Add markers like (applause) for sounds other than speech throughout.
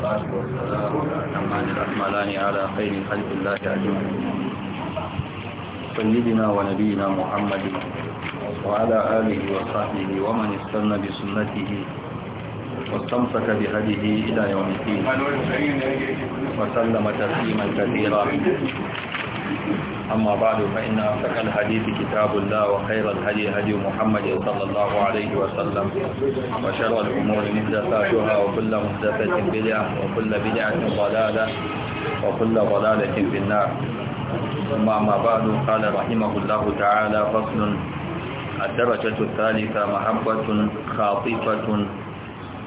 والصلاة والسلام الرحمن الرحمن على خير خلق الله أجمعين سيدنا ونبينا محمد وعلى آله وصحبه ومن استنى بسنته واستمسك بهديه إلى يوم الدين وسلم تسليما كثيرا أما بعد فإن أصدق الحديث كتاب الله وخير الهدي هدي محمد صلى الله عليه وسلم وشر الأمور محدثاتها وكل محدثة بدعة وكل بدعة ضلالة وكل ضلالة في النار ثم أما بعد قال رحمه الله تعالى فصل الدرجة الثالثة محبة خاطفة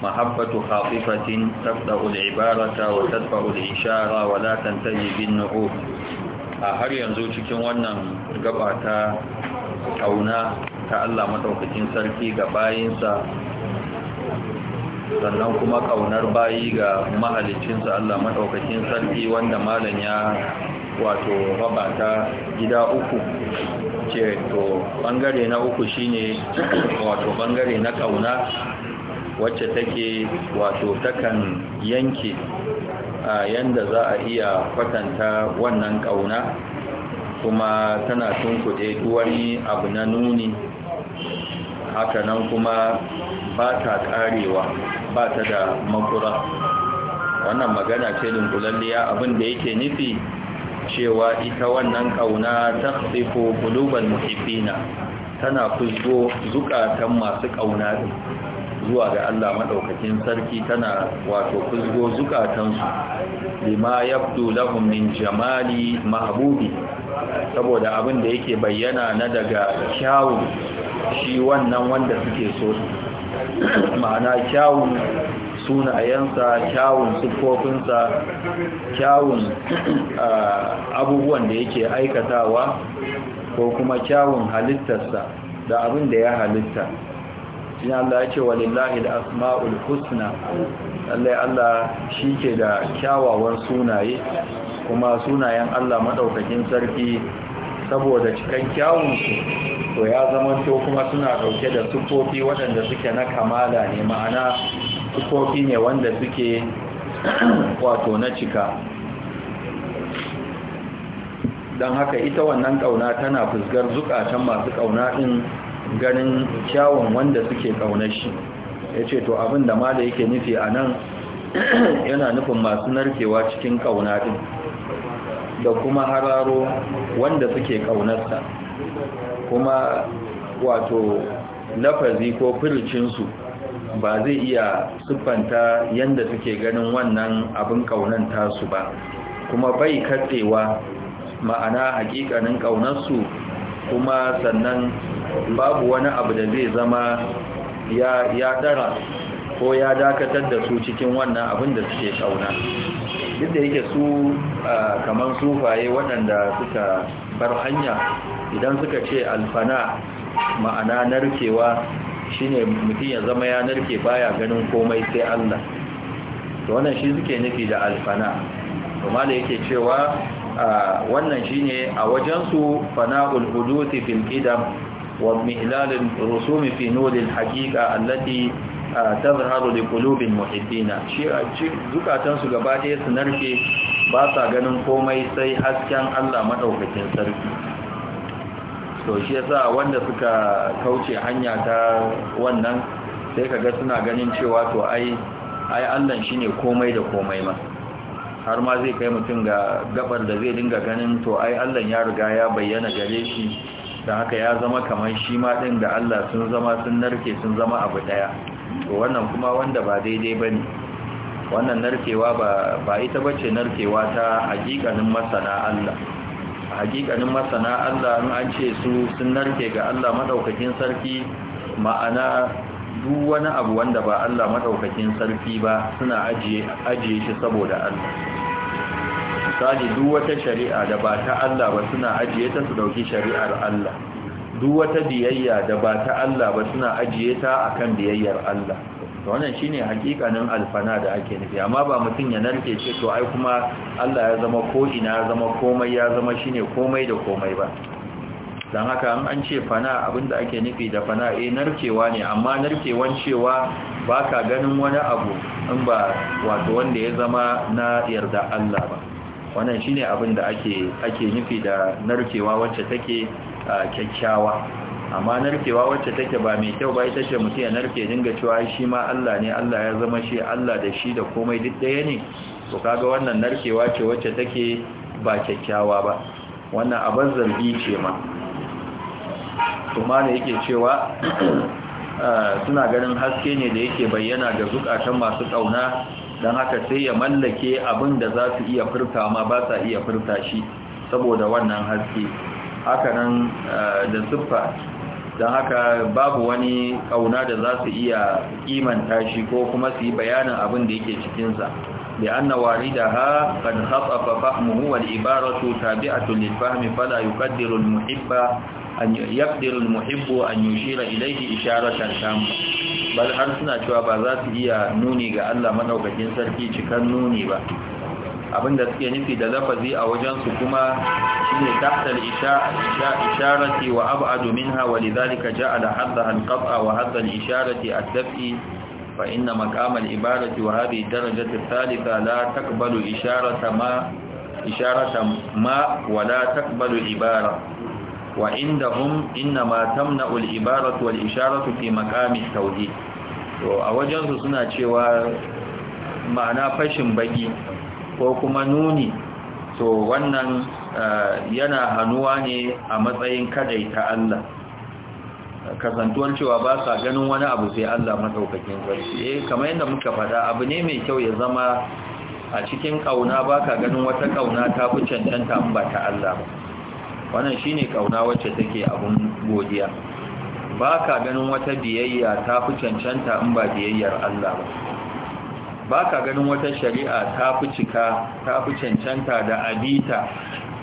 محبة خاطفة تبدأ العبارة وتدفع الإشارة ولا تنتهي بالنعوت a har yanzu cikin wannan gaba ta kauna ta Allah maɗaukakin sarki ga bayinsa sannan kuma kaunar bayi ga mahalicinsa Allah maɗaukakin sarki wanda malam ya wato raba ta gida uku ce to bangare na uku shine wato bangare na kauna wacce take wato takan yanke a yanda za a iya kwatanta wannan ƙauna kuma tana tun kuɗe wani abu na nuni hakanan kuma ba ta ƙarewa ba ta da makura wannan magana ce dunkulalliya abin da yake nufi cewa ita wannan ƙauna ta tsiko kuluban muhibbina tana fusgo zukatan masu ƙauna zuwa ga Allah madaukakin sarki tana wato kuzgo zukatansu lima yabdu lahum min jamali mahbubi saboda abin da yake bayyana na daga kyawun shi wannan wanda suke so ma'ana kyawun sunayensa kyawun siffofinsa kyawun abubuwan da yake aikatawa ko kuma kyawun halittarsa da abin da ya halitta Ina Allah ya ce lillahi da asma'ul husna lallai Allah shi ke da kyawawan sunaye kuma sunayen Allah maɗaukakin sarki saboda cikan kyawunsu to ya zama to kuma suna ɗauke da sufofi waɗanda suke na kamala ne ma'ana sufofi ne wanda suke (clears throat) wato na cika don haka ita wannan ƙauna tana fusgar zukatan masu ƙauna ɗin ganin kyawun wanda suke kaunar shi ya ce to abin da mala yake nufi a nan (clears throat) yana nufin masu narkewa cikin kauna ɗin da kuma hararo wanda suke kaunarsa kuma wato lafazi ko firicinsu ba zai iya siffanta yadda suke ganin wannan abin kaunan tasu ba kuma bai katsewa ma'ana hakikanin kaunarsu kuma sannan babu wani abu da zai zama ya dara ko ya dakatar da su cikin wannan abin da suke shauna duk da yake su kamar sufaye waɗanda suka bar hanya idan suka ce alfana ma'ana narkewa shine mutum ya zama ya narke baya ganin komai sai Allah to wannan shi suke nufi da alfana kuma da yake cewa wannan shine a wajensu fana'ul huduthi fil qidam wa mihlal rusumi fi nur al haqiqa allati tazharu li qulubil muhibbina shi zukatan su gaba ɗaya su narke ba sa ganin komai sai hasken Allah madaukakin sarki to shi yasa wanda suka kauce hanya ta wannan sai ka ga suna ganin cewa to ai ai Allah shine komai da komai ma har ma zai kai mutum ga gabar da zai dinga ganin to ai Allah ya riga ya bayyana gare shi da haka ya zama kamar shi ma din da Allah sun zama sun narke sun zama abu ɗaya to wannan kuma wanda ba daidai bane wannan narkewa ba ba ita bace narkewa ta hakikanin masana Allah hakikanin masana Allah an ce su sun narke ga Allah madaukakin sarki ma'ana duk wani abu wanda ba Allah maɗaukakin sarki ba suna ajiye shi saboda Allah misali duk wata shari'a da ba ta Allah ba suna ajiye ta su dauki shari'ar Allah duk wata biyayya da ba ta Allah ba suna ajiye ta akan biyayyar Allah to wannan shine hakikanin alfana da ake nufi amma ba mutum ya narke ce to ai kuma Allah ya zama ko ina ya zama komai ya zama shine komai da komai ba don haka an ce fana abinda ake nufi da fana e, narkewa ne amma narkewan cewa baka ganin wani abu in ba wato wanda ya zama na yarda Allah ba wannan shi ne abinda ake nufi da narkewa wacce take ah, kyakkyawa amma narkewa wacce take ba mai kyau ba ita ce mutum ya narke dinga cewa shi ma Allah ne Allah ya zama shi Allah da shi da komai duk ɗaya ne to kaga wannan narkewa ce wacce take ba kyakkyawa ba wannan abin zargi ce ma kuma ne yake cewa (clears throat) eh, suna ganin haske ne da yake bayyana ga zukatan masu kauna don haka sai ya mallake abin da za su iya furta ma ba sa iya furta shi saboda wannan haske hakanan eh, da siffa don haka babu wani kauna da za su iya kimanta shi ko kuma su yi bayanin abin da yake cikinsa لأن واردها قد خطف فهمه والعبارة تابعة للفهم فلا يقدر المحب أن يقدر المحب أن يشير إليه إشارة تامة بل أرسنا شواب ذات هي نوني قال من أو كجنسر كي شكا نوني با abin da suke nufi da lafazi a wajensu kuma shi ne tahtal isharati wa ab'adu minha wa lidhalika ja'ala haddaha al-qat'a wa hadda al-isharati ad-daf'i فإن مقام العبادة وهذه الدرجة الثالثة لا تقبل إشارة ما إشارة ما ولا تقبل عبارة وعندهم إنما تمنع العبارة والإشارة في مقام التوحيد وأوجه سنة شوى معنى فشن بجي وكما نوني to wannan yana hannuwa ne a matsayin kadaita Allah kazantuwar cewa ba sa ganin wani abu sai Allah mataukakin sarki eh kamar yadda muka faɗa abu ne mai kyau ya zama a cikin kauna ba ka ganin wata kauna ta fi cancanta in ba ta Allah ba wannan shine kauna wacce take abun godiya ba ka ganin wata biyayya ta fi cancanta in ba biyayyar Allah ba ba ka ganin wata shari'a ta fi cika ta fi cancanta da abita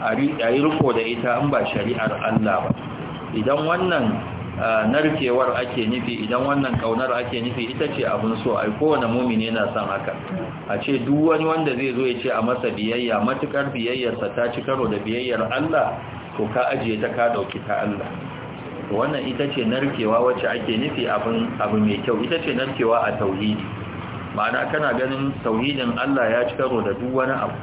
a riko da ita in ba shari'ar Allah ba idan wannan narkewar ake nufi idan wannan kaunar ake nufi ita ce abin so ai kowane mumini yana son haka a ce duk wani wanda zai zo ya ce a masa biyayya matukar biyayyarsa ta ci karo da biyayyar Allah to ka ajiye ta ka dauki ta Allah wannan ita ce narkewa wacce ake nufi abin abu mai kyau ita ce narkewa a tauhidi ma'ana kana ganin tauhidin Allah ya ci karo da duk wani abu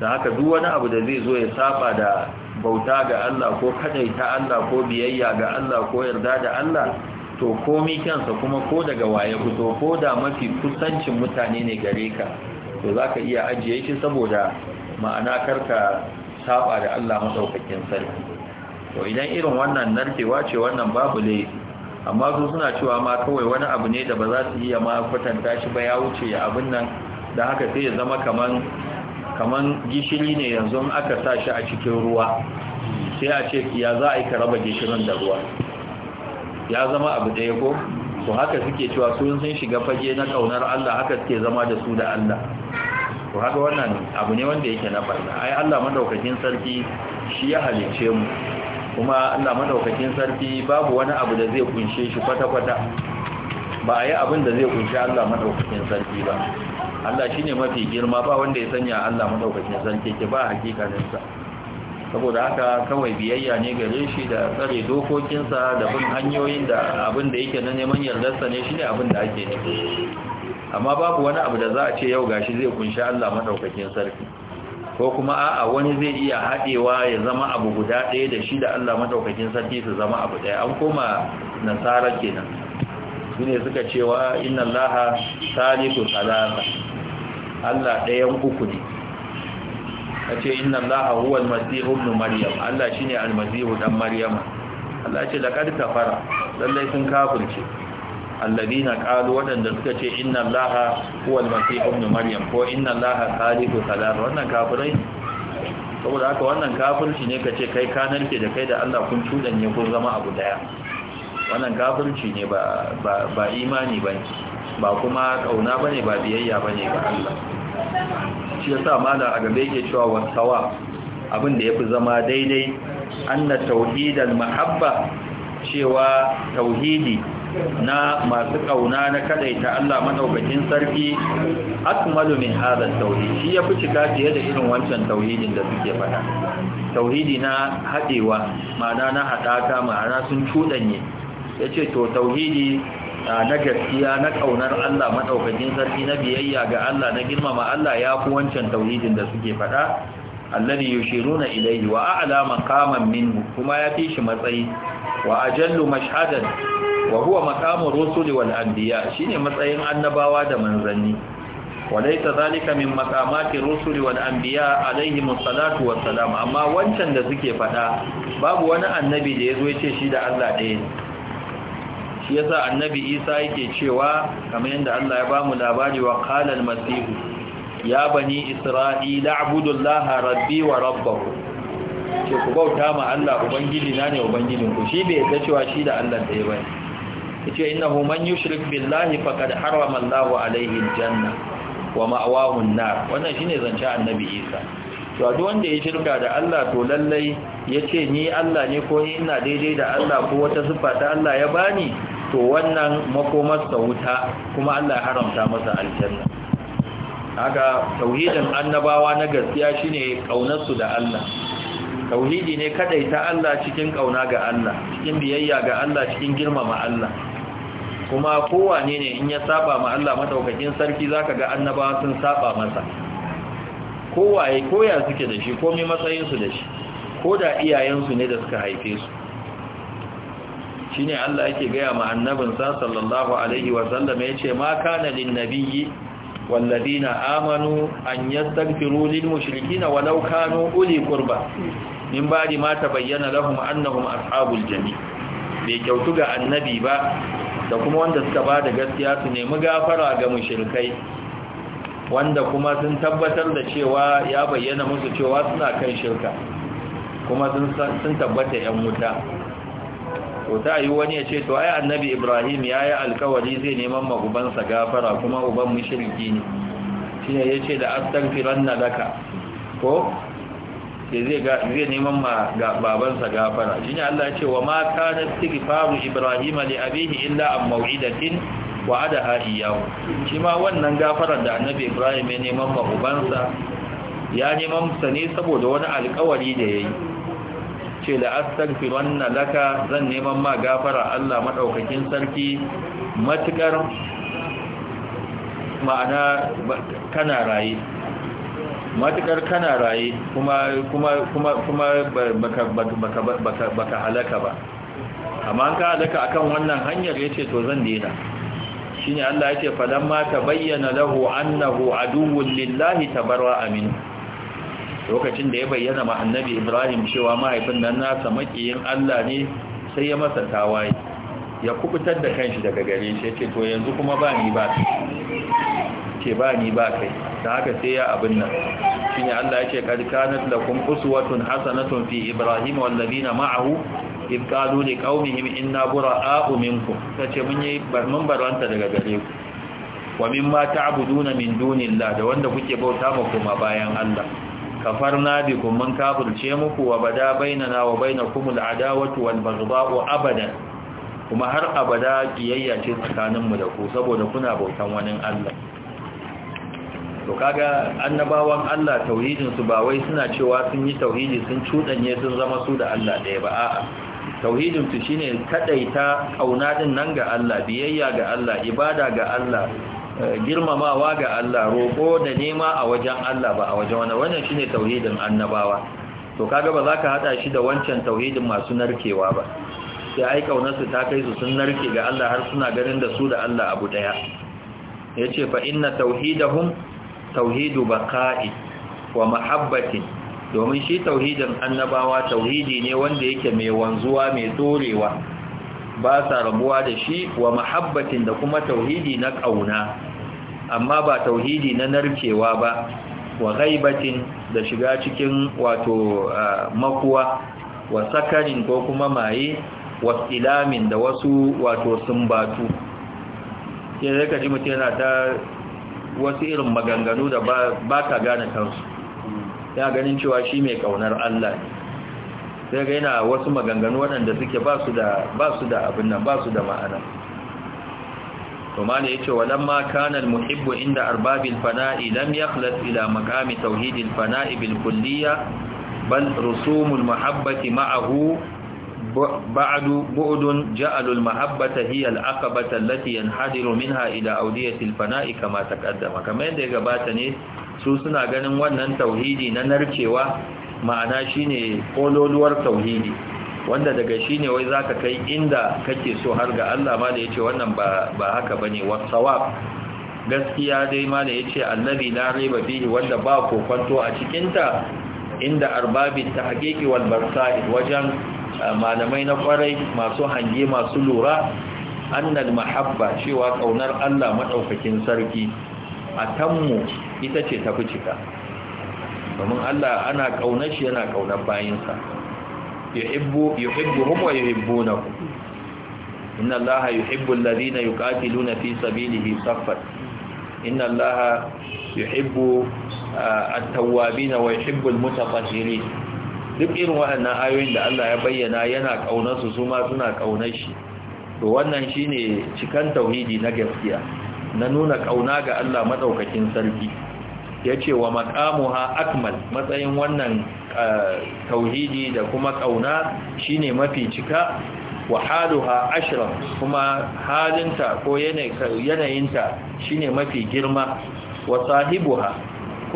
da haka duk wani abu da zai zo ya saba da bauta ga Allah ko ta Allah ko biyayya ga Allah ko yarda da Allah to komi kansa kuma ko daga waye fito ko da mafi kusancin mutane ne gare ka to zaka iya ajiye shi saboda ma'ana karka saba da Allah madaukakin sarki to idan irin wannan narkewa ce wannan babu laifi amma su suna cewa ma kawai wani abu ne da ba za su iya ma kwatanta shi ba ya wuce ya abin nan da haka sai ya zama kaman kaman gishiri ne yanzu aka sa shi a cikin ruwa sai a ce ya za a yi ka raba gishirin da ruwa ya zama abu ɗaya ko to haka suke cewa sun sun shiga fage na kaunar Allah haka suke zama da su da Allah to haka wannan abu ne wanda yake na barna ai Allah madaukakin sarki shi ya halice mu kuma Allah madaukakin sarki babu wani abu da zai kunshe shi kwata-kwata ba a yi abin da zai kunshe Allah madaukakin sarki ba Allah shi ne mafi girma ba wanda ya sanya Allah madaukakin sarki ke ba hakikanin sa saboda haka kawai biyayya ne gare shi da tsare dokokinsa da bin hanyoyin da abin da yake na neman yardarsa ne shi ne abin da ake ne amma babu wani abu da za a ce yau gashi zai kunshi Allah madaukakin sarki ko kuma a'a wani zai iya haɗewa ya zama abu guda ɗaya da shi da Allah madaukakin sarki su zama abu ɗaya an koma nasara kenan su ne suka cewa inna allaha salisu salasa Allah ɗayan uku ne a ce inna Laha huwa almasihu ibn maryam Allah shine almasihu dan maryama Allah ce laqad kafara lallai sun kafirce alladina qalu wadanda suka ce inna Laha huwa almasihu ibn maryam ko inna Laha Salihu salat wannan kafirai saboda haka wannan kafirci ne kace kai kanar ke da kai da Allah kun cudanye kun zama abu daya wannan kafirci ne ba ba imani bane ba kuma kauna bane ba biyayya bane ga Allah shi yasa a gabe yake cewa wasawa abin da yafi zama daidai anna tauhidan mahabba cewa tauhidi na masu ƙauna na kadaita Allah madaukakin sarki akmalu min hada tauhid shi ya yafi cika fiye da irin wancan tauhidin da suke fada tauhidi na hadewa ma'ana na hadaka ma'ana sun cudanye yace to tauhidi na gaskiya na ƙaunar Allah madaukakin sarki na biyayya ga Allah na girmama Allah ya fi wancan tauhidin da suke faɗa alladhi yushiruna ilayhi wa a'la maqaman minhu kuma ya fi shi matsayi wa ajallu mashhadan wa huwa maqamu rusuli wal anbiya shine matsayin annabawa da manzanni zalika min maqamati مقامات wal anbiya alayhi الصلاه wassalam amma wancan da suke faɗa. babu wani annabi da yazo ce shi da Allah ɗaya shi yasa annabi isa yake cewa kamar yadda Allah ya bamu labari wa masihu. al ya bani isra'ila abudullaha rabbi wa rabbahu ce ku bauta ma Allah ubangiji na ne ubangijin ku shi bai yadda cewa shi da Allah da bane yace innahu man yushrik billahi faqad harrama Allahu alaihi alaihin janna wa ma'wahu wannan shine zance annabi isa to wanda ya shirka da Allah to lallai yace ni Allah ne ko ina daidai da Allah ko wata siffa ta Allah ya bani to wannan makomarsa wuta kuma Allah ya haramta masa aljanna haka tauhidin annabawa na gaskiya shine kaunarsu da Allah tauhidi ne kadai ta Allah cikin kauna ga Allah cikin biyayya ga Allah cikin girmama Allah kuma kowane ne in ya saba ma Allah madaukakin sarki zaka ga annabawa sun saba masa kowaye koya suke da shi komai matsayin su da shi ko da iyayensu ne da suka haife su shine Allah yake gaya ma annabinsa sallallahu alaihi wa sallam yace ma kana lin nabiyyi wal amanu an yastaghfiru lil mushrikeena walau kanu uli qurba min ba'di ma tabayyana lahum annahum ashabul jami bai kyautu ga annabi ba da kuma wanda suka bada gaskiya su nemi gafara ga mushrikai wanda kuma sun tabbatar da cewa ya bayyana musu cewa suna kan shirka kuma sun tabbata yan wuta to ta yi wani ya ce to ai annabi ibrahim ya yi alkawari zai neman magubansa gafara kuma uban mushirki ne shi ne ya ce da astagfiran na daka, ko zai neman babansa gafara shi ne allah ya ce wa ma kana faru ibrahim li abihi illa an mau'idatin wa adaha iyahu shi ma wannan gafarar da annabi ibrahim ya neman ma ya neman sa ne saboda wani alkawari da ya yi? yace la astaghfiranna laka zan neman ma gafara Allah madaukakin sarki matukar ma'ana kana raye matukar kana raye kuma kuma kuma kuma baka baka baka baka halaka ba amma ka halaka akan wannan hanyar yace to zan daina. shine Allah yace falamma tabayyana lahu annahu aduwwun lillahi tabarra'a amin? lokacin da ya bayyana ma annabi ibrahim cewa mahaifin nan nasa makiyin allah ne sai ya masa tawaye ya kubutar da kanshi daga gare shi ya ce to yanzu kuma ba ni ba ce ba ni ba kai da haka sai ya abin nan shi ne allah ya ce kad kanat lakum uswatun hasanatun fi ibrahim wal ladina ma'ahu in qalu li qaumihim inna bura'a'u minkum ce mun yi baranta daga gare ku wa mimma ta'buduna min dunillahi da wanda kuke bauta ma kuma bayan allah kafarna bikum mun kafirce muku wa bada bainana wa bainakum adawatu wal baghdha'u abadan kuma har abada kiyayya ce tsakanin mu da ku saboda kuna bautan wani Allah to kaga annabawan Allah tauhidin su ba wai suna cewa sun yi tauhidi sun cudanye sun zama su da Allah ɗaya ba a'a tauhidin su shine kadaita kauna din nan ga Allah biyayya ga Allah ibada ga Allah girmamawa ga Allah roƙo da nema a wajen Allah ba a wajen wani wannan shine tauhidin annabawa to kaga ba za ka hada shi da wancan tauhidin masu narkewa ba sai ai kaunarsu ta kai su sun narke ga Allah har suna ganin da su da Allah abu daya yace fa inna tauhidahum tauhidu baqa'i wa mahabbati domin shi tauhidin annabawa tauhidi ne wanda yake mai wanzuwa mai dorewa ba sa rabuwa da shi wa mahabbatin da kuma tauhidi na kauna amma ba tauhidi na narkewa ba wa ghaibatin da shiga cikin wato makuwa wa sakarin ko kuma maye wa ilamin da wasu wato sumbatu sai zai kaji mutum yana ta wasu irin maganganu da ba ka gane kansu ya ganin cewa shi mai kaunar Allah sai ga yana wasu maganganu waɗanda suke ba su da abin nan ba su da ma'ana to ya yace walamma kana muhibbu inda arbabil fana'i lam yakhlas ila maqami tauhidil fana'i bil kulliyya bal rusumul mahabbati ma'ahu ba'du bu'dun ja'alul mahabbata hiya al-aqabata allati yanhadiru minha ila awdiyatil fana'i kama taqaddama kamar yadda ya gabata ne su suna ganin wannan tauhidi na narkewa ma'ana shine kololuwar tauhidi wanda daga shi ne wai za ka kai inda kake so har ga Allah ma da ya ce wannan ba haka ba ne sawab gaskiya dai ma da ya ce annabi na riba bihi wanda ba kokwanto a cikinta inda arbabin ta haƙiƙi wal wajen malamai na kwarai masu hange masu lura annal mahabba cewa ƙaunar Allah maɗaukakin sarki a tammu ita ce tafi cika domin Allah ana ƙaunar shi yana ƙaunar bayinsa yuhibbu yuhibbuhum wa yuhibbunahu inna allaha yuhibbu alladhina yuqatiluna fi sabilihi saffan inna allaha yuhibbu uh, at-tawwabin wa yuhibbu al-mutatahhirin duk irin waɗannan ayoyin da Allah ya bayyana yana kaunar su su ma suna kaunar shi to wannan shine cikan tauhidi na gaskiya na nuna kauna ga Allah madaukakin sarki ya ce wa makamuha akmal matsayin wannan eh, tauhidi da kuma ƙauna shine mafi cika wa haluha ashirin kuma halinta ko yanayinta shine mafi girma wa sahibuha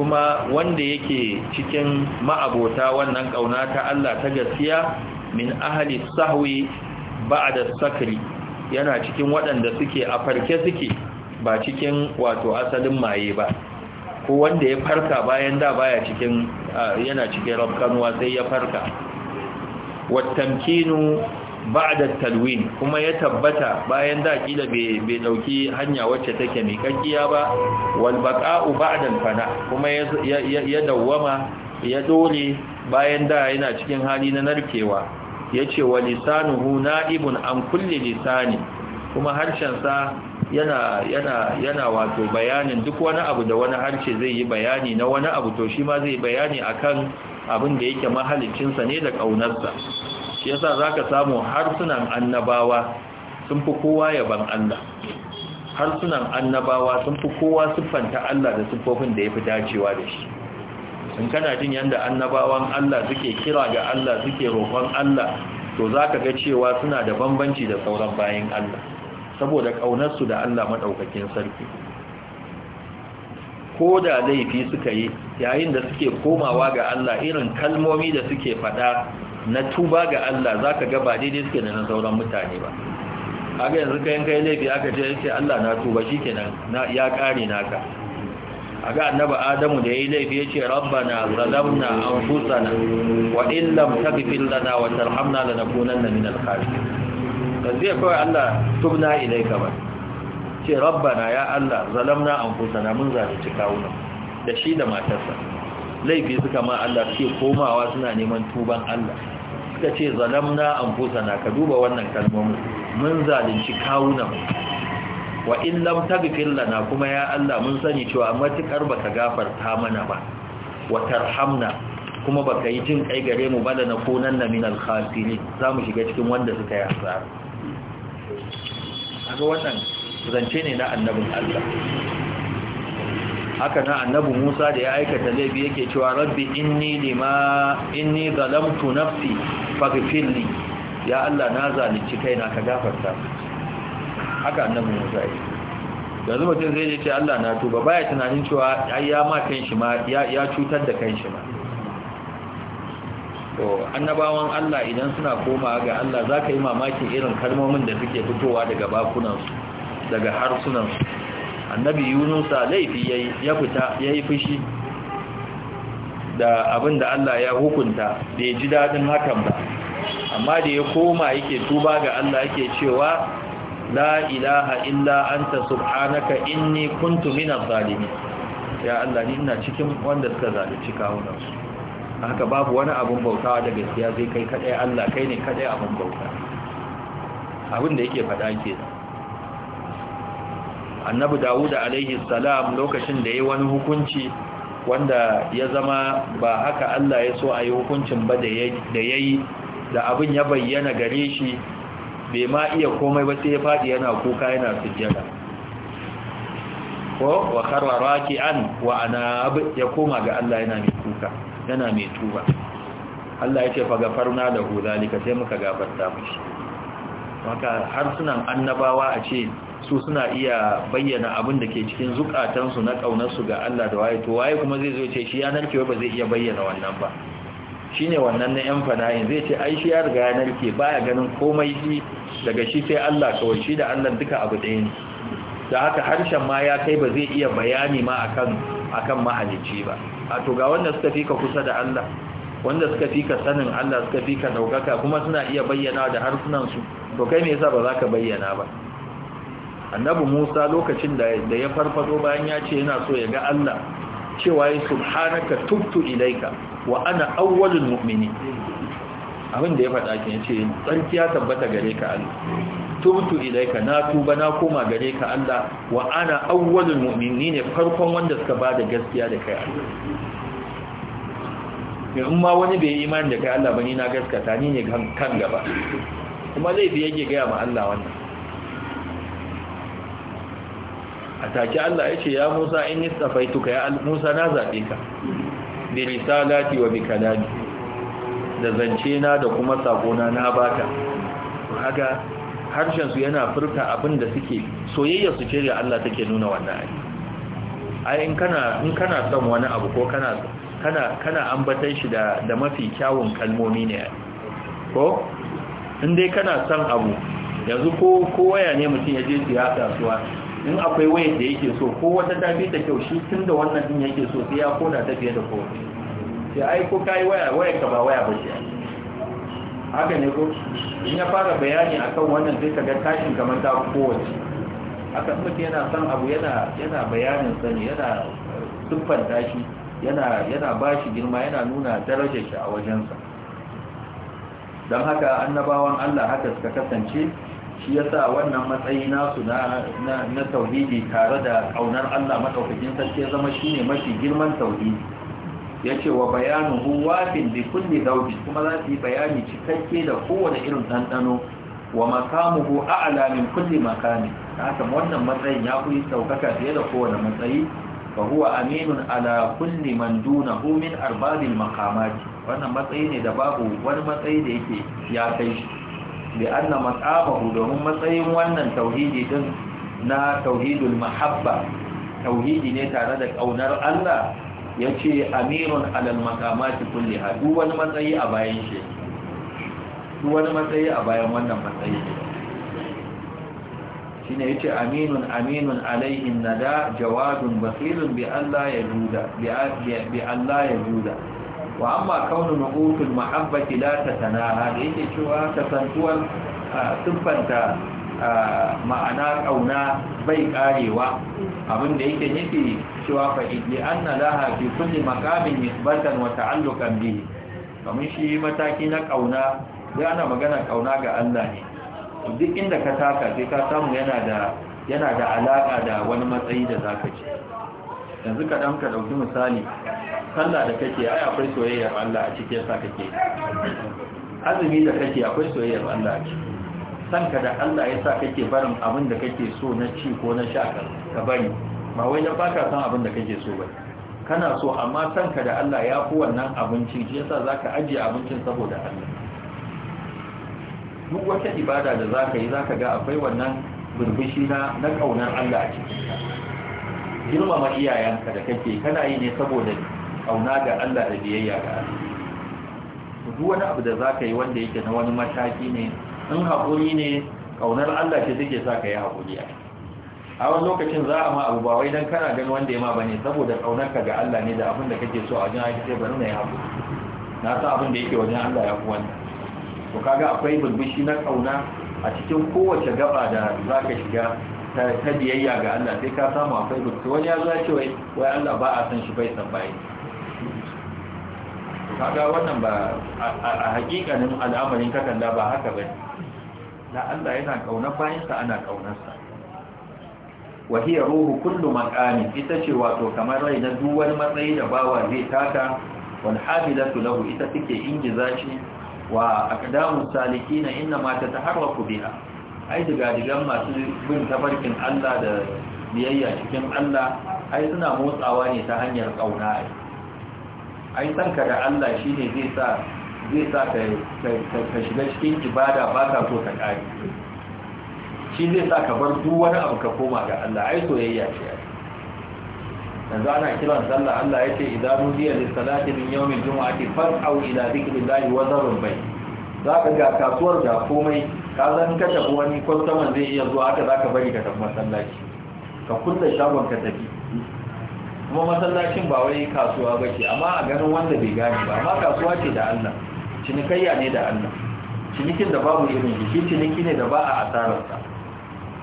kuma wanda yake cikin ma'abota wannan ƙauna ta Allah ta gaskiya min ahli sahwi ba'da sakri yana cikin waɗanda suke a farke suke ba cikin wato asalin maye ba ko wanda ya farka bayan da baya cikin yana cikin rafkanuwa sai ya farka wattamkinu ba'da talwin kuma ya tabbata bayan da kila bai dauki hanya wacce take kakkiya ba wal baqa'u ba'da fana kuma ya dawwama ya dole bayan da yana cikin hali na narkewa yace wa lisanuhu na'ibun an kulli lisani kuma harshen sa yana yana yana wato bayanin duk wani abu da wani harshe zai yi bayani na wani abu to shi ma zai bayani akan abin da yake mahalicinsa ne da ƙaunarsa shi yasa zaka samu harsunan annabawa sun fi kowa yaban Allah harsunan annabawa sun fi kowa siffanta Allah da siffofin da ya fi dacewa da shi in kana jin yadda annabawan Allah suke kira ga Allah suke roƙon Allah to zaka ga cewa suna da bambanci da sauran bayan Allah saboda ƙaunarsu da Allah maɗaukakin sarki ko da laifi suka yi yayin da suke komawa ga Allah irin kalmomi da suke faɗa na tuba ga Allah za ka ba daidai suke da na sauran mutane ba haka yanzu kai kai laifi aka ce ya ce Allah na tuba shi kenan ya ƙare naka aga Annabi, adamu da yayi laifi yace rabbana zalamna anfusana wa illam taghfir lana wa tarhamna lanakunanna minal khasirin kan ya kawai Allah tubna ilaika ba ce rabbana ya Allah zalamna anfusana mun zalunci kawuna da shi da matarsa laifi suka ma Allah suke komawa suna neman tuban Allah suka ce zalamna na, ka duba wannan kalmomin mun zalunci kawuna wa in lam tagfir lana kuma ya Allah mun sani cewa matukar baka gafarta mana ba wa tarhamna kuma baka yi jin kai gare mu ba da na konan na minal khasiri za mu shiga cikin wanda suka yi asara kaga wannan zance ne na annabin Allah haka na annabi Musa da ya aikata laifi yake cewa rabbi inni lima inni zalamtu nafsi faghfirli ya Allah na zalunci kaina ka gafarta haka annabi Musa yake yanzu mutum zai ce Allah na tuba baya tunanin cewa ai ya ma kanshi ma ya cutar da kanshi ma to annabawan Allah idan suna koma ga Allah za ka yi mamakin irin kalmomin da suke fitowa daga bakunansu daga harsunansu annabi yunusa laifi ya fita ya yi fushi da abin da Allah ya hukunta bai ji daɗin hakan ba amma da ya koma yake tuba ga Allah yake cewa la ilaha illa anta subhanaka inni kuntu minaz zalimin ya Allah ni ina cikin wanda suka zalunci kawunansu haka babu wani abun bautawa da gaskiya zai kai kadai Allah kai ne kadai abun bauta abin da yake faɗa ke annabi dawud alaihi salam lokacin da ya wani hukunci wanda ya zama ba haka Allah ya so a yi hukuncin ba da ya yi da abin ya bayyana gare shi bai ma iya komai ba sai ya faɗi yana kuka yana sujjada ko wa karwa raki'an wa ana ya koma ga Allah yana mai kuka yana mai tuba Allah ya ce fa gafarna hu zalika sai muka gafarta mishi haka harsunan annabawa a ce su suna iya bayyana abin da ke cikin zukatansu na ƙaunarsu ga Allah da waye to waye kuma zai zo ce shi ya narke ba zai iya bayyana wannan ba shine wannan na yan fana'in zai ce ai shi ya riga ya narke baya ganin komai shi daga shi sai Allah kawai shi da Allah duka abu ɗaya ne da haka harshen ma ya kai ba zai iya bayani ma akan akan ma'anici ba a to ga wanda suka fika kusa da Allah wanda suka fika sanin Allah suka fika daukaka kuma suna iya bayyana da harsunan su to kai me yasa ba za ka bayyana ba annabi Musa lokacin da ya farfado bayan ya ce yana so ya ga Allah cewa ya subhanaka tubtu ilaika wa ana awwalul mu'minin abin da ya faɗa kin ce tsarki ya tabbata gare ka Allah tubtu ilaika na tuba na koma gare ka Allah wa ana awwalul mu'minin ne farkon wanda suka bada gaskiya da kai Allah in ma wani bai imani da kai Allah bane na gaskata ni ne kan gaba kuma laifi yake gaya ma Allah wannan a take Allah ya ce ya Musa in nistafaituka ya Musa na zabe ka bi risalati wa bi kalami da zance na da kuma sakona na baka haka harshen su yana furta abin da suke soyayya su ce ga Allah take nuna wannan ayi ai in kana in kana son wani abu ko kana kana kana ambatan shi da da mafi kyawun kalmomi ne ko in dai kana son abu yanzu ko ko waya ne mutum ya je siyasa kasuwa in akwai wayar da yake so ko wata ta ta kyau shi tun da wannan din yake so sai ya koda ta fiye da kowa sai ai ko kai waya waya ka ba waya ba shi? haka ne ko in ya fara bayani akan wannan sai kaga tashin kamar ta kowace haka mutum yana son abu yana yana bayanin sani yana eh, siffar tashi yana yana bashi girma yana nuna darajar shi a wajensa don haka annabawan Allah haka suka kasance shi yasa wannan matsayi nasu na na tauhidi tare da kaunar Allah madaukakin sarki ya zama shine mafi girman tauhidi ce, wa bayanuhu wafin bi kulli zawjin kuma za su yi bayani cikakke da kowane irin ɗanɗano wa makamuhu a alamin kulli makami haka wannan matsayin ya kuyi saukaka fiye da kowane matsayi fa huwa aminun ala kulli man dunahu min arbabil maqamat wannan matsayi ne da babu wani matsayi da yake ya kai shi bi anna maqamahu domin matsayin wannan tauhidi din na tauhidul mahabba tauhidi ne tare da ƙaunar Allah ya ce amirun alal makamati kulli ha duk wani matsayi a bayan shi duk wani matsayi a bayan wannan matsayi ne shi ne ya ce aminun aminun alaihin nada jawadun basirun bi Allah ya juda wa amma kaunin hutun mahabbati la ta tanaha da yake cewa kasantuwar siffanta ma'ana kauna bai karewa abin da yake nufi cewa fa idi anna laha fi kulli maqamin nisbatan wa ta'alluqan bihi kamar shi mataki na kauna sai ana magana kauna ga Allah ne duk inda ka taka sai ka samu yana da yana da alaka da wani matsayi da zaka ci yanzu ka dan ka dauki misali sallah da kake ai akwai soyayyar Allah a cikin sa kake azumi da kake akwai soyayyar Allah a cikin sanka da Allah ya sa kake barin abin da kake so na ci ko na sha ka bari ba wai dan baka san abin da kake so ba kana so amma sanka da Allah ya fi wannan abincin shi yasa zaka ajiye abincin saboda Allah duk wata ibada da zaka yi zaka ga akwai wannan burbushi na na kaunar Allah a cikin ka girmama iyayenka da kake kana yi ne saboda kauna ga Allah da biyayya ga Allah duk wani abu da zaka yi wanda yake na wani mataki ne in haƙuri ne ƙaunar Allah ce take sa ka yi haƙuri a wani lokacin za a ma abu ba wai don kana gani wanda ya ma bane saboda ƙaunar ka ga Allah ne da abin da kake so a wajen aiki sai bari na yi haƙuri na sa abin da yake wajen Allah ya fi wanda. to kaga akwai bulbushi na ƙauna a cikin kowace gaba da za ka shiga ta biyayya ga Allah sai ka samu akwai bulbushi wani ya zo ya ce wai Allah ba a san shi bai san bai kaga wannan ba a hakikanin al'amarin kakalla ba haka bane na Allah yana kaunar bayansa ana kaunarsa wa hiya ruhu kullu maqami ita ce wato kamar rai na duk wani matsayi da bawa zai taka wal hamilatu lahu ita take ingiza shi wa aqdamu salikina inna ma tataharraku biha ai daga digan masu bin tabarkin Allah da biyayya cikin Allah ai suna motsawa ne ta hanyar kauna ai sanka da Allah shine zai sa zai sa ka shiga cikin ibada ba ta so ta ƙari shi zai sa ka bar duwar abu ka koma ga Allah ai soyayya ce yanzu ana kiran sallah Allah ya ce idan nudiya da salati min yawmin jumu'ati au ila dhikrillahi wa dharul Za ka ga kasuwar da komai ka zan ka tafi wani kwastaman zai iya zuwa haka zaka bari ka tafi masallaci ka kulle shagon ka tafi kuma masallacin ba wai kasuwa ba ce amma a ganin wanda bai gane ba amma kasuwa ce da Allah cinikayya ne da Allah cinikin da babu irin shi ciniki ne da ba a asararsa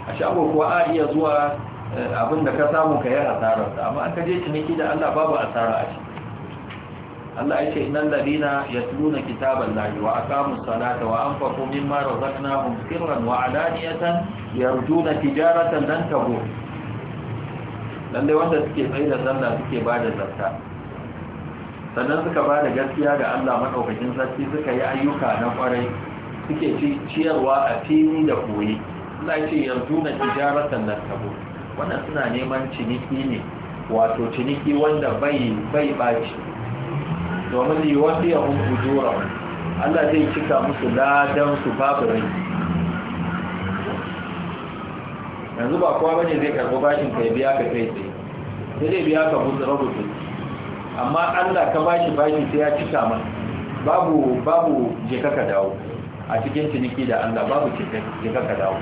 a shago kuwa a iya zuwa eh, abinda ka samu ka yi asararsa amma an ka je ciniki da Allah babu asara a shi. Allah ya ce innal ladina yatluna kitaballahi wa aqamus salata wa anfaqu mimma razaqnahum sirran wa alaniyatan yarjuna tijaratan lan tabur lalle wanda suke tsaye da sallah suke bada zakka sannan suka ba da gaskiya ga Allah maɗaukakin sarki suka yi ayyuka na kwarai suke ciyarwa a fili da koyi Allah ce yanzu na tijaratan sannan tabo wannan suna neman ciniki ne wato ciniki wanda bai bai baci domin liwafiya hun ujura Allah zai cika musu ladan su babu yanzu ba kowa bane zai karɓi bashin kai biya ka kai tsaye sai zai biya ka buɗe rubutu amma Allah ka bashi bashi sai ya cika masa babu babu je ka dawo a cikin ciniki da Allah babu je ka dawo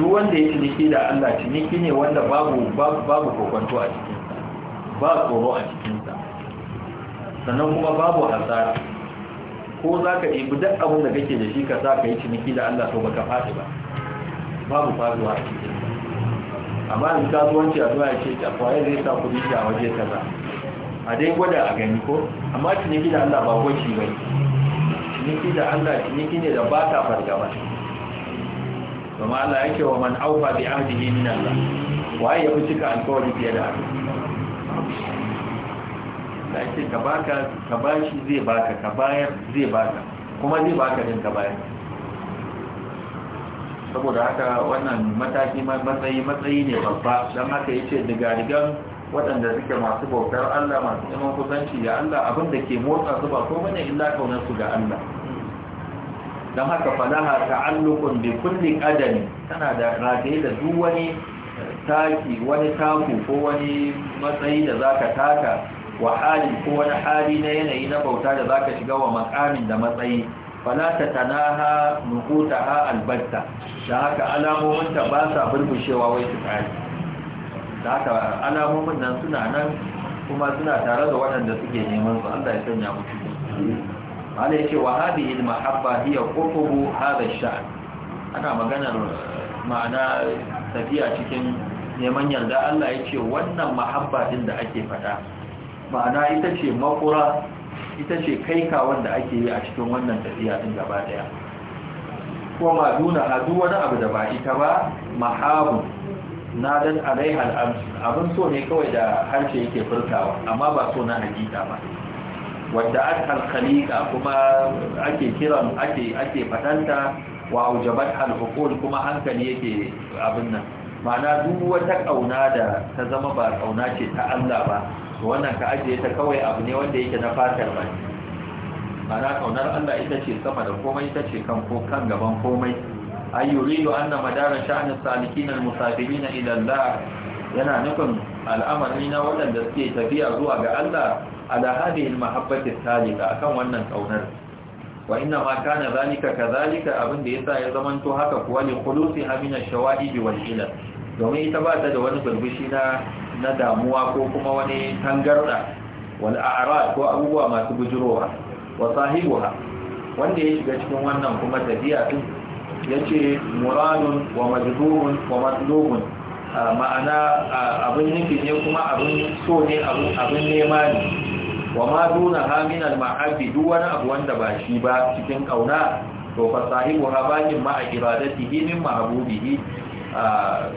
duk wanda ya ciniki da Allah ciniki ne wanda babu babu kokonto a cikin ba tsoro a cikin sa sannan kuma babu hasara ko za ka ibi duk abin da kake da shi ka sa ka yi ciniki da Allah to baka faɗi ba babu faruwa a cikin amma in kasuwanci a zuwa ya ce a kwaye zai sa kuɗi a waje kaza a dai gwada a gani ko amma ciniki da Allah ba gwashi ba ciniki da Allah ciniki ne da ba ta fargaba kuma Allah yake wa man aufa bi ahdihi min Allah waye ya fi cika alƙawari fiye da haka da yake ka baka ka bashi zai baka ka bayar zai baka kuma zai baka din ka bayar saboda haka wannan mataki matsayi matsayi ne babba don haka yace daga rigan waɗanda suke masu bautar Allah masu neman kusanci ga Allah abin da ke motsa su ba ko bane illa kaunar su ga Allah dan haka falaha ta'alluqun bi kulli qadami tana da rataye da duk wani taki wani taku ko wani matsayi da zaka taka wa hali ko wani hali na yanayi na bauta da zaka shiga wa makamin da matsayi fala ta tanaha nuqutaha albatta da haka alamomin ta ba sa burbushewa wai su tsari da haka alamomin nan suna nan kuma suna tare da waɗanda suke neman su Allah ya sanya mu cikin Allah ya ce wa hadhihi al-mahabba hiya qutubu hadha shan ana maganar ma'ana tafiya cikin neman yarda Allah ya ce wannan mahabba din da ake faɗa ma'ana ita ce makura ita ce kai ka wanda ake yi a cikin wannan tafiya din gaba daya kuma duna hadu wani abu da ba ita ba mahabu. nadan alai al'amshi abin so ne kawai da harshe yake furtawa amma ba so na hakika ba wadda an halkalika kuma ake kiran ake ake fadanta wa aujabat alhukul kuma hankali yake abin nan ma'ana duk wata kauna da ta zama ba kauna ce ta Allah ba to wannan ka ajiye ta kawai abu ne wanda yake na fatar ba ma'ana kaunar Allah ita ce sama da komai ita ce kan ko kan gaban komai ay yuridu anna madara sha'ni salikin al-musabirin ila Allah yana nufin al'amari na waɗanda suke tafiya zuwa ga Allah ala hadhihi al-mahabbati salika akan wannan kaunar wa inna ma kana zalika kadhalika abin da yasa ya zamanto haka kuwa li khulusi min ash wal domin ita ba ta da wani burbushi na na damuwa ko kuma wani tangarda wal a'rad ko abubuwa masu bujurowa wa sahibuha wanda ya shiga cikin wannan kuma tafiya din yace muradun wa majburun wa matlubun ma'ana abin nufi ne kuma abin so ne abin nema ne wa ma duna ha min al duk wani abu wanda ba shi ba cikin ƙauna, to fa sahibu ha bakin ma a iradatihi min mahabubihi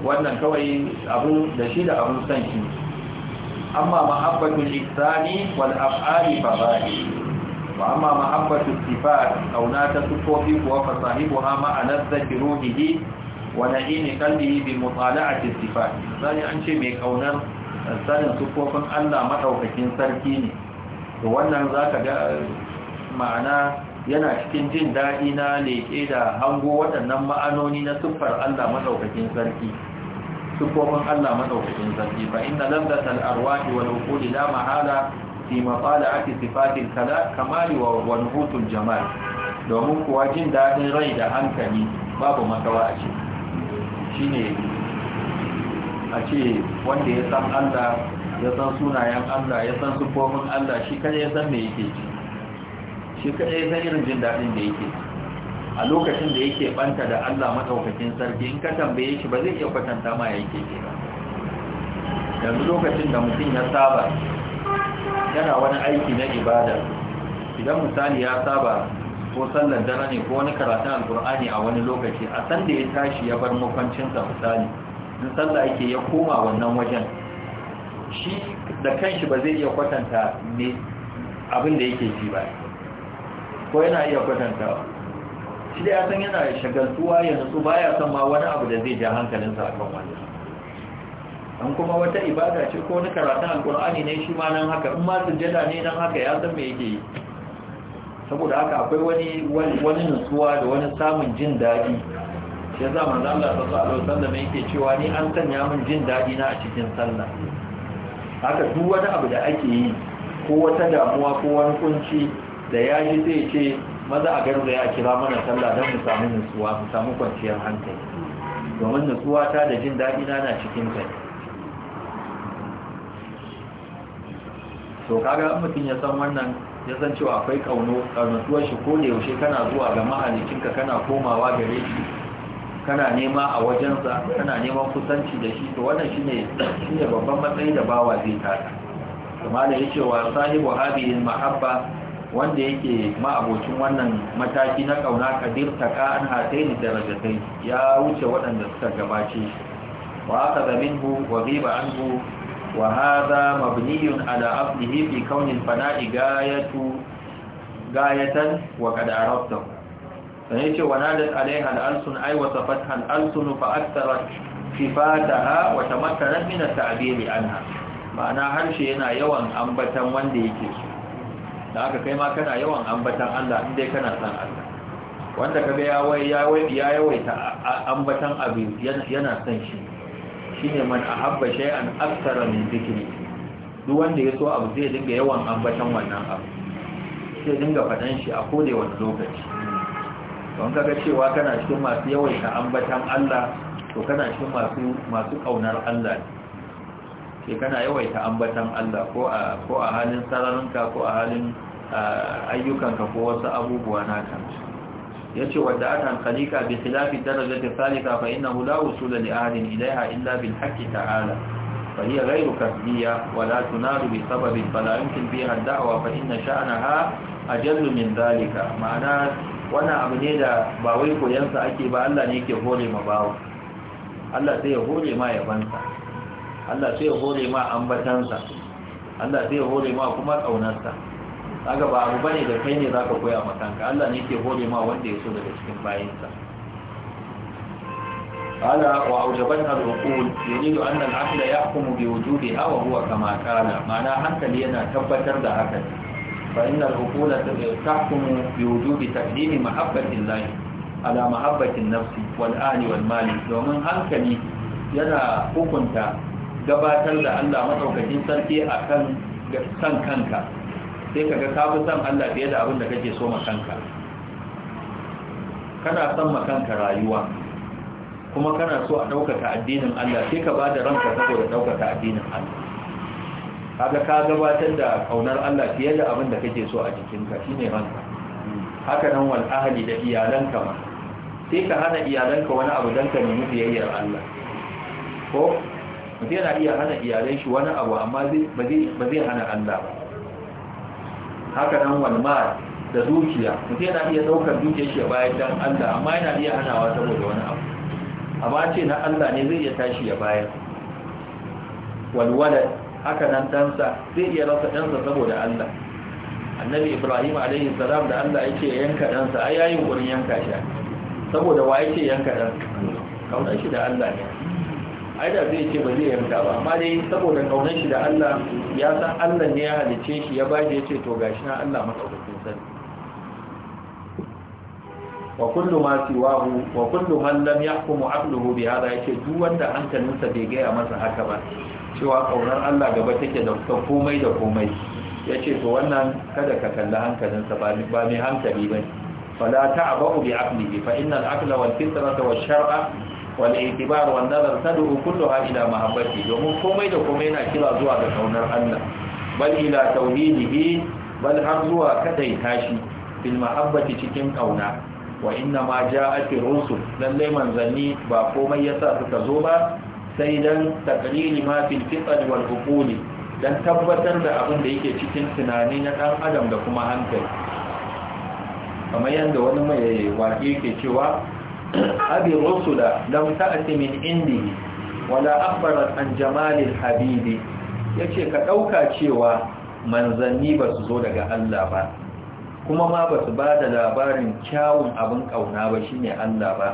wannan kawai abun da shi da abun san shi amma mahabbatul ihsani wal af'ali fa ba wa amma mahabbatu sifat kauna ta sufofi kuwa fa sahibuha ma'anar zaki ruhihi wa na'ini qalbihi bi mutala'ati sifat sai an ce mai kaunar sanin sufofin Allah madaukakin sarki ne to wannan zaka ga ma'ana yana cikin jin daɗi na leƙe da hango waɗannan ma'anoni na siffar Allah maɗaukakin sarki siffofin Allah maɗaukakin sarki fa inna lamdatal arwahi wal uquli la mahala fi matsala ake sifatin kamali wa hutun jamal domin kuwa jin daɗin rai da hankali babu makawa a ce shi ne a ce wanda ya san allah ya san sunayen allah ya san sufofin allah shi kada ya san me yake ci shi kada ya san irin jin daɗin da yake a lokacin da yake banta da allah maɗaukakin sarki in ka tambaye shi ba zai iya kwatanta ma yake ke ba yanzu lokacin da mutum ya saba yana wani aiki na ibada idan misali ya saba ko sallar dare ne ko wani karatun alkur'ani a wani lokaci a san da ya tashi ya bar makwancinsa misali in sallar yake ya koma wannan wajen shi da kanshi ba zai iya kwatanta ne abin da yake ji ba ko yana iya kwatantawa shi da ya san yana shagaltuwa ya nutsu baya son ma wani abu da zai ja hankalinsa a kan wannan an kuma wata ibada ce ko na karatun alkur'ani ne shi ma nan haka in ma sujjada ne nan haka ya san me yake yi saboda haka akwai wani wani nutsuwa da wani samun jin daɗi shi yasa manzo Allah sallallahu alaihi wasallam yake cewa ni an sanya min jin daɗi na a cikin sallah haka duk wani abu da ake yi ko wata damuwa ko wani kunci da ya ji zai ce maza a garzaya ya kira mana sallah don mu samu nutsuwa mu samu kwanciyar hankali domin nutsuwa ta da jin daɗi na na cikin kai to kaga mutum ya san wannan ya san cewa akwai kauno karnatuwar shi ko yaushe kana zuwa ga mahalicinka kana komawa gare shi kana nema a wajensa kana neman kusanci da shi to wannan shine shine babban matsayi da bawa zai tada kuma da yake wa sahibu hadhihi mahabba wanda yake ma'abocin wannan mataki na kauna kadir taka an da darajatai ya wuce waɗanda suka gabace shi wa aka zamin hu wa riba an وهذا مبني على أصله في كون الفناء غاية غاية وقد عرفته فنيتي ونالت عليها الألسن أي وصفتها الألسن فأكثرت صفاتها وتمكنت من التعبير عنها معنى هرشي ينا يوان أنبتا وندي كيسو da aka kai ma kana yawan ambatan Allah indai kana san Allah wanda ka ga ya yawaita ambatan abin yana san shi shine man ahabba shay'an aktsara min dhikri duk wanda ya so abu zai dinga yawan ambatan wannan abu sai dinga faɗan shi a kodai wani lokaci don kaga cewa kana cikin masu yawaita ambatan Allah to kana cikin masu masu kaunar Allah ke kana yawaita ambatan Allah ko a ko a halin sararinka ko a halin ayyukan ka ko wasu abubuwa naka yace wanda atan khaliqa bi khilafi darajati salika fa innahu la usula li ahadin ilaiha illa bil haqqi ta'ala fa hiya ghayru kasbiya wa la tunalu bi sababi fala yumkin biha ad-da'wa fa inna sha'naha ajallu min dhalika ma'ana wannan abu ne da ba wai koyan sa ake ba Allah ne yake hore ma bawo Allah sai ya hore ma ya yabansa Allah sai ya hore ma ambatansa Allah sai ya hore ma kuma kaunarsa kaga ba abu bane da kai ne zaka koya ma kanka Allah ne yake wanda ya so daga cikin bayinsa ala wa aujabatha al-uqul yuridu an al-aql yahkum bi wujudi aw huwa kama qala ma'ana hankali yana tabbatar da haka fa inna al-uqul tahkum bi wujudi taqdim mahabbati llahi ala mahabbati an-nafs wal-an domin hankali yana hukunta gabatar da Allah madaukakin sarki akan kan kanka sai kaga ka fi son Allah fiye da abin da kake so ma kanka kana son ma kanka rayuwa kuma kana so a ɗaukaka addinin Allah sai ka ba da ranka saboda ɗaukaka addinin Allah haka ka gabatar da kaunar Allah fiye da abin da kake so a jikinka shine ranka haka nan wal ahli da iyalanka ma sai ka hana iyalanka wani abu dan ka nemi biyayyar Allah ko mutum yana iya hana iyalai shi wani abu amma ba zai hana Allah ba haka nan walmar da dukiya mutum yana iya daukar dukiya shi bayan dan Allah amma yana iya hanawa saboda wani abu amma ce na Allah ne zai iya tashi ya bayar walwalad haka nan ɗansa zai iya rasa dansa saboda Allah annabi ibrahim alaihi salam da Allah yake yanka dansa ai yayin gurin yanka shi saboda wa yake yanka dansa kauna shi da Allah ne aida da zai ce ba zai yarda ba amma dai saboda kaunar shi da Allah ya san Allah ne ya halice shi ya baje ce to gashi na Allah madaukakin sani wa kullu ma siwahu wa kullu man lam yahkumu aqluhu bi hada yace duk wanda hankalinsa bai gaya masa haka ba cewa kaunar Allah gaba take da komai da komai yace to wannan kada ka kalla hankalinsa ba ba mai hankali bane fala ta'abu bi aqlihi fa innal aqla wal fitrata wash shar'a wal itibar wan nazar tad'u kulluha ila mahabbati domin komai da komai yana kira zuwa ga kaunar Allah bal ila tauhidihi bal har zuwa kadai tashi bil mahabbati cikin ƙauna. wa inna ma ja'at rusul lalle manzanni ba komai yasa suka zo ba sai dan taqlili ma fil fitr wal uquli dan tabbatar da abin da yake cikin tunani na dan adam da kuma hankali kamar yadda wani mai waƙe ke cewa abi rusula lam ta'ti min indi wala akhbarat an jamalil habibi yace ka dauka cewa manzanni ba su zo daga Allah ba kuma ma ba su ba da labarin kyawun abin kauna ba shine Allah ba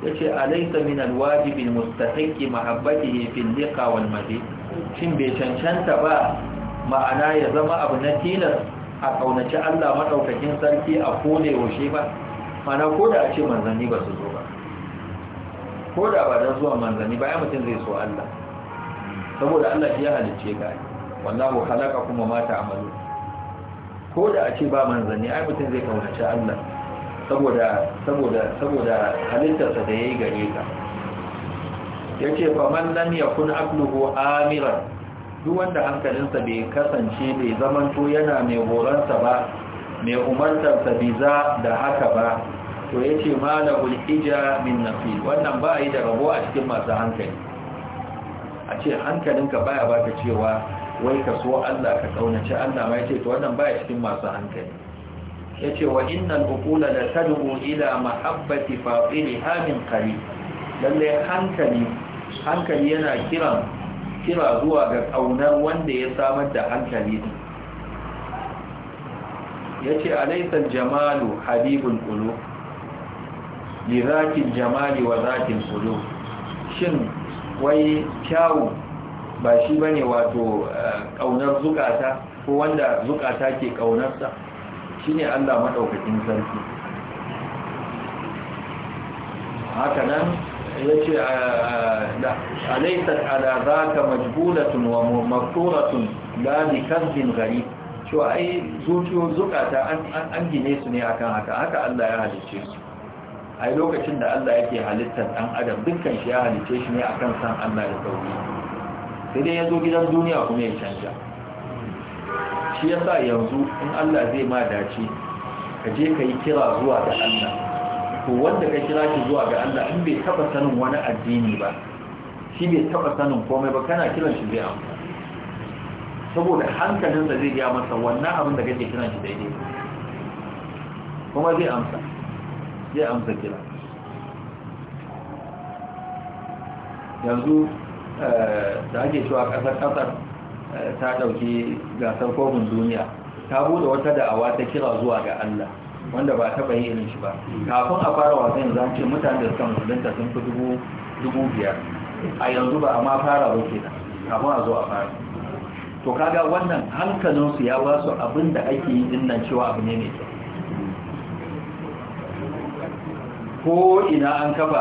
yace alaysa min alwajibi almustahiqi mahabbatihi fil liqa wal madhi shin bai cancanta ba ma'ana ya zama abu na tilas a kaunaci Allah madaukakin sarki a kone yaushe ba mana ko da a ce manzanni ba su zo ko da ba don zuwa manzanni ba ya mutum zai so Allah saboda Allah shi ya halicce ka wallahu halaka kuma mata amalu ko da a ce ba manzanni ai mutum zai kaunaci Allah saboda saboda saboda halittarsa da yayi gare ka yace fa man lam yakun aqluhu amiran duk wanda hankalinsa bai kasance bai zamanto yana mai horonsa ba mai umartarsa biza da haka ba to ya ce malahul hija min nafi wannan ba yi da rabo a cikin masu hankali a ce hankalinka baya ba ta cewa wai ka so Allah ka tsaunace. Allah mai ce to wannan ba baya cikin masu hankali ya ce wa innan innal da ta dubu ila mahabbati fatiliha min qarib lalle hankali hankali yana kiran kira zuwa ga kaunar wanda ya samar da hankali din yace alaysa jamalu habibul qulub lizakin jamali wa zakin sulu shin wai kyawu ba shi bane wato eh, kaunar zukata ko wanda zukata ke sa shine Allah madaukakin sarki haka nan yace eh, eh, da alaysat ala zaka majbulatun wa maqturatun la nikazin gari ai zuciyo zukata an gine su ne akan haka haka Allah ya halice su A lokacin da Allah yake halittar dan adam dukkan shi ya halice shi ne akan san Allah da sauri sai dai yazo gidan duniya kuma ya canja shi ya sa yanzu in Allah zai ma dace ka je ka yi kira zuwa ga Allah to wanda ka kira shi zuwa ga Allah in bai taba sanin wani addini ba shi bai taba sanin komai ba kana kiran shi zai amsa saboda hankalinsa zai gaya masa wannan abin da kake kiran shi daidai kuma zai amsa ya amsa kira yanzu eh, da ake cewa ƙasar ƙasar eh, ta ɗauki gasar kogin duniya ta bude wata da'awa ta kira zuwa ga Allah wanda ba taɓa yi irin shi ba kafin a fara wasan yanzu an ce mutane da suka musulunta sun fi dubu biyar a yanzu ba a ma fara ba kenan kafin a zo a fara to kaga wannan hankalinsu ya ba su abin da ake yi dinnan cewa abu ne mai kyau ko ina an kafa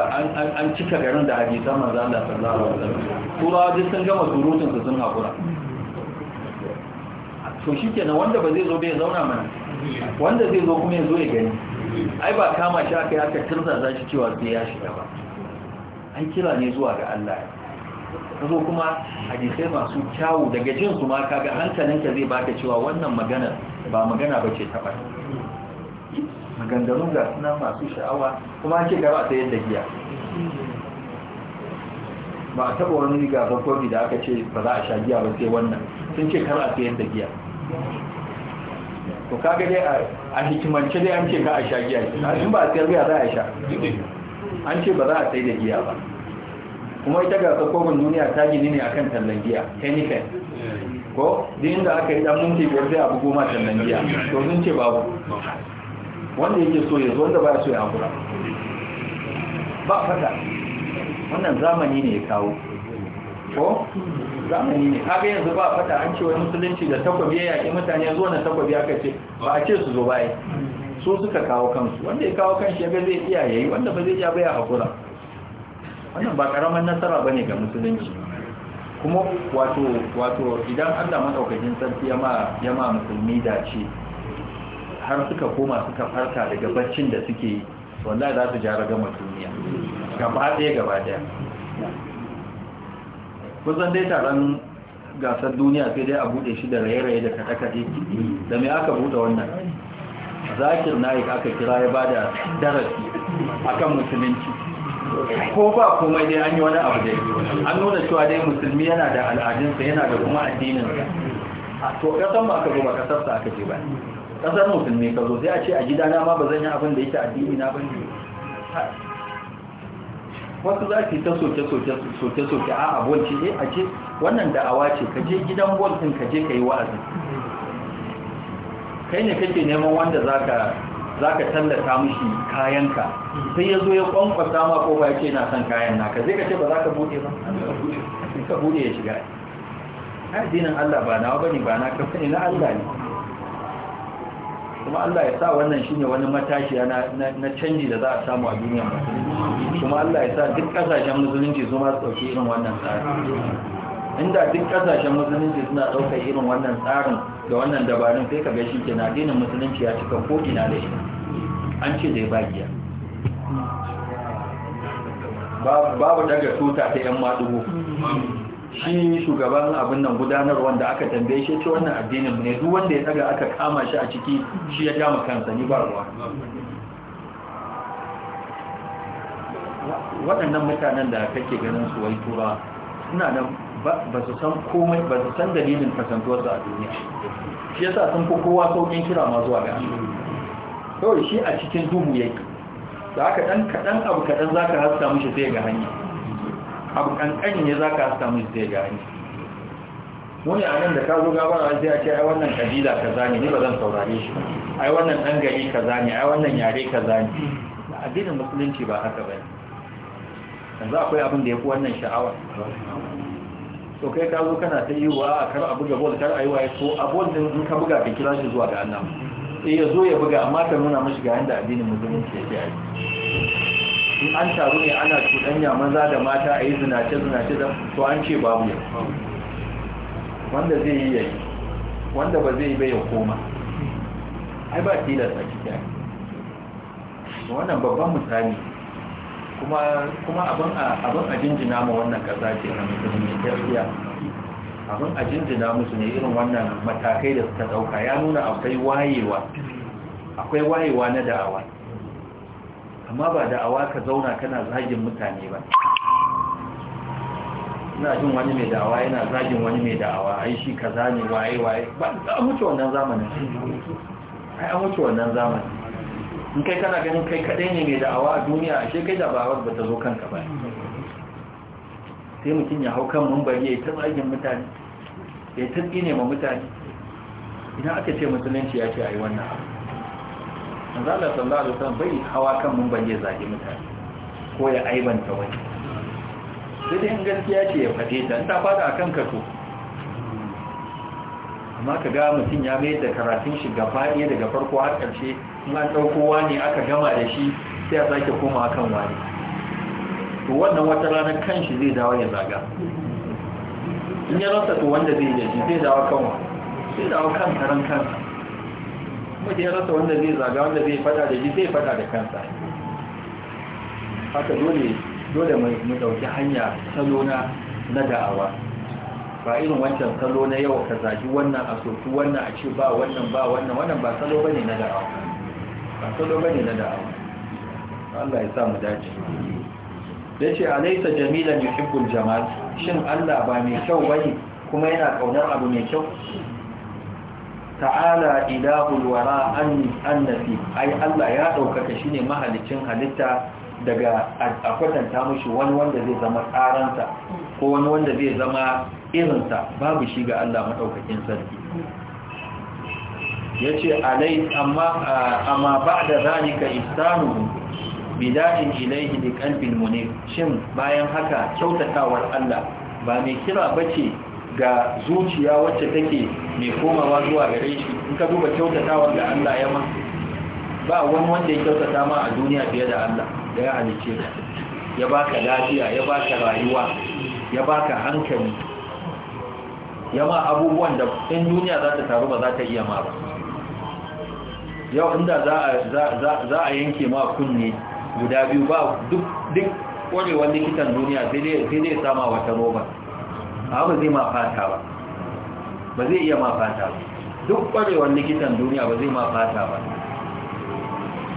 an cika garin da hadisan manzo Allah sallallahu alaihi wasallam kura duk sun gama surutun su sun hakura to shi kenan wanda ba zai zo bai zauna mana wanda zai zo kuma ya zo ya gani ai ba kama shi aka yaka aka za shi cewa sai ya shiga ba an kira ne zuwa ga Allah kazo kuma hadisai masu kyawu daga jin su ma kaga hankalinka zai baka cewa wannan magana ba magana bace ta ba maganganu ga suna masu sha'awa kuma ake gaba ta yadda giya ba a taɓa wani gaban kofi da aka ce ba za a sha giya ba sai wannan sun ce kar a ta yadda giya to kaga dai a hikimance dai an ce ka a sha giya in ba a sayar giya za a sha an ce ba za a sai da giya ba kuma ita ga kofin duniya ta gini ne akan tallan giya henifen ko din da aka yi dan minti biyar sai a bugo ma tallan giya to sun ce babu wanda yake so ya zo wanda ba so ya haƙura ba fata wannan zamani ne ya kawo ko zamani ne haka yanzu ba fata an ce wani musulunci da takwabi ya yaƙi mutane zo na takwabi aka ce ba a ce su zo baya so suka kawo kansu wanda ya kawo kansu ya ga zai iya yayi wanda ba zai iya baya haƙura wannan ba ƙaramin nasara ba ne ga musulunci kuma wato idan allah maɗaukakin sarki ya ma musulmi dace har suka koma suka farka daga baccin da suke yi wanda za su jara gama duniya gaba ɗaya gaba ɗaya kusan dai taron gasar duniya sai dai a buɗe shi da raye-raye da kaɗe-kaɗe da mai aka buɗe wannan zakir yi aka kira ya ba da darasi a kan musulunci ko ba komai dai an yi wani abu yi. an nuna cewa dai musulmi yana da al'adunsa yana da kuma addininsa to ƙasar ba aka zo ba ƙasarsa aka je ba ƙasar musulmi ka zo sai a ce a gidana ma ba zan yi abin da yake addini na ne. wasu za yi ta soke-soke a abuwanci ne eh, a ce wannan da'awa ce ka je gidan bolton ka je ka yi wa'azi kai ne kake neman wanda za ka tallata mushi kayanka sai ya zo ya kwankwasa ma ko ba ya ce na son kayan na, ka zai ka ce ba za ka buɗe ba ka buɗe ya shiga addinin allah ba na ba ne ba na kafin ne na allah ne kuma Allah ya sa wannan shine wani matashi na canji da za a samu a duniya kuma Allah ya sa duk kasashen musulunci su ma su irin wannan tsari inda duk kasashen musulunci suna daukar irin wannan tsarin da wannan dabarun sai ka ga shi na dinin musulunci ya cika ko ina da shi an ce da ya bagiya babu daga tuta ta yan madugo shi shugaban abin nan gudanar wanda aka tambaye shi ce wannan addinin ne duk wanda ya daga aka kama shi a ciki shi ya dama kansa ni ba ruwa waɗannan mutanen da kake ganin su wai tura suna nan ba su san komai ba su san dalilin kasantuwarsu a duniya shi yasa sun fi kowa saukin kira ma zuwa ga kawai shi a cikin duhu yake da aka ɗan kaɗan abu kaɗan za ka haska mishi sai ga hanya abu kankani ne za ka samu zai gani wani a nan da ka zo a zai ce ai wannan kabila kaza ne ni ba zan saurare shi ba ai wannan ɗan gari ka ne ai wannan yare kaza ne addinin musulunci ba haka ba yanzu akwai abin da ya fi wannan sha'awa to kai ka zo kana ta yi wa kar a buga bol kar a yi wa ya so a bol din in ka buga ka kira shi zuwa ga annabi sai eh, ya zo ya buga amma ka nuna mashi ga yanda addinin musulunci ya yake aiki in an taru ne ana cuɗanya maza da mata a yi zinace-zinace da to an ce babu ya wanda zai yi yayi wanda ba zai yi bai ya koma ai ba tilasta ake. ne wannan babban misali kuma abin a jinjina ma wannan ƙasa ce na musulmi tafiya abin a jinjina musu ne irin wannan matakai da suka ɗauka ya nuna akwai wayewa akwai wayewa na da'awa amma ba da awa ka zauna kana zagin mutane ba ina jin wani mai da'awa yana zagin wani mai da'awa ai shi kaza ne waye waye ba an wuce wannan zamanin ai an mutu wannan zamanin in kai kana ganin kai kadai ne mai da'awa a duniya ashe kai da ba ba ta zo kanka ba sai mutum ya hau kan mumbari ya yi ta zagin mutane ya yi ta tsine ma mutane idan aka ce musulunci ya ce a yi wannan abu manzala sallallahu alaihi wasallam bai hawa kan mun ban ya zagi mutane ko ya aibanta wani sai dai in gaskiya ce ya fade ta ta fada akan ka to amma ka ga mutum ya mai da karatun shi gaba ɗaya daga farko har ƙarshe in an ɗauko wani aka gama da shi sai a sake koma akan wani to wannan wata rana kan shi zai dawo ya zaga in ya rasa to wanda zai yi zai dawo kan wani zai dawo kan karan kansa ya rasa wanda zai zaga wanda zai fada da ji zai fada da kansa haka dole dole mu dauki hanya salo na na da'awa ba irin wancan salo na yau ka zagi wannan a soki wannan a ce ba wannan ba wannan wannan ba salo bane na da'awa ba salo bane na da'awa Allah ya sa mu dace da ce alaisa jamilan yuhibbul jamal shin Allah ba mai kyau bane kuma yana kaunar abu mai kyau ta'ala ilahul wara anni annafi ai Allah ya daukaka shine mahalicin halitta daga a kwatanta mushi wani wanda zai zama tsaransa ko wani wanda zai zama irinsa babu shi ga Allah madaukakin sarki yace alai amma amma ba'da zalika ihsanuhu bida'in ilayhi liqalbin munib shin bayan haka kyautatawar Allah ba mai kira bace ga zuciya wacce take mai komawa zuwa gare shi in ka duba kyautatawa da Allah ya ma ba wani wanda ya kyautata ma a duniya fiye da Allah da ya halice da ya baka lafiya ya baka rayuwa ya baka hankali ya ma abubuwan da in duniya za ta taru ba za ta iya ma ba yau inda za a yanke ma kunne guda biyu ba duk kwarewar likitan duniya sai dai sama wata roba ba zai ma fata ba ba zai iya ma fata ba duk kwarewar likitan duniya ba zai ma fata ba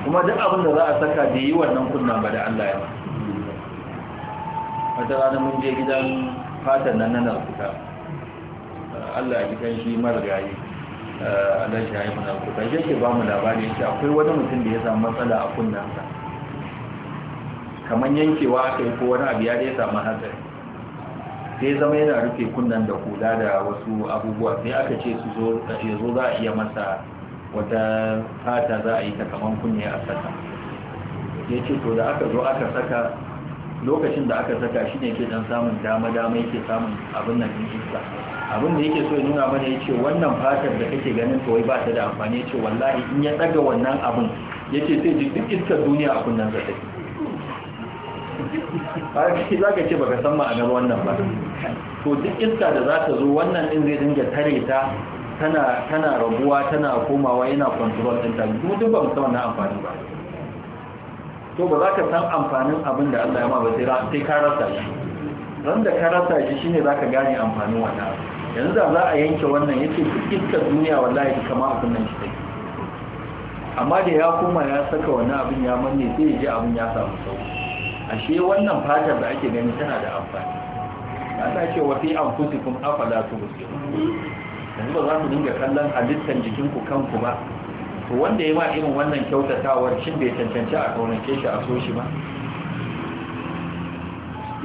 kuma duk abin da za a saka da yi wannan kunnan ba da Allah ya ba wata rana mun je gidan fatan nan na narkuta Allah ya gidan shi marigayi nan eh, ya yi mana kuta shi ke ba mu labari shi akwai wani mutum da ya samu matsala a kunnansa kamar yankewa aka yi ko wani abu ya dai samu hatsari sai zama yana rufe kunnan da hula da wasu abubuwa sai aka ce su zo ya zo za a iya masa wata fata za a yi ta kaman kunne a saka ya ce to da aka zo aka saka lokacin da aka saka shi ne ke dan samun dama-dama yake samun abin nan din iska abin da yake so ya nuna mana ya ce wannan fatar da kake ganin kawai ba ta da amfani ya ce wallahi in ya daga wannan abin ya ce sai duk iskar duniya a kunnen sa take za ka ce baka san ma'anar wannan ba to duk iska da za ta zo wannan din zai dinga tare ta tana rabuwa tana komawa yana kwantarol ɗinta duk ba san na amfani ba to ba za ka san amfanin abin da allah ya ma ba sai ka rasa shi ran da ka rasa shi shine za ka gane amfanin wannan yanzu da za a yanke wannan yace, ce iska duniya wallahi kama abin nan shi take amma da ya koma ya saka wani abin ya manne sai ya ji abin ya samu sauki ashe wannan fatar da ake gani tana da amfani Ana ce wa fi anfusikum afala tubsirun yanzu ba za ku dinga kallon halittar jikin jikinku kanku ba to wanda ya ma irin wannan kyautatawar shin bai cancanci a kaunace shi a so shi ba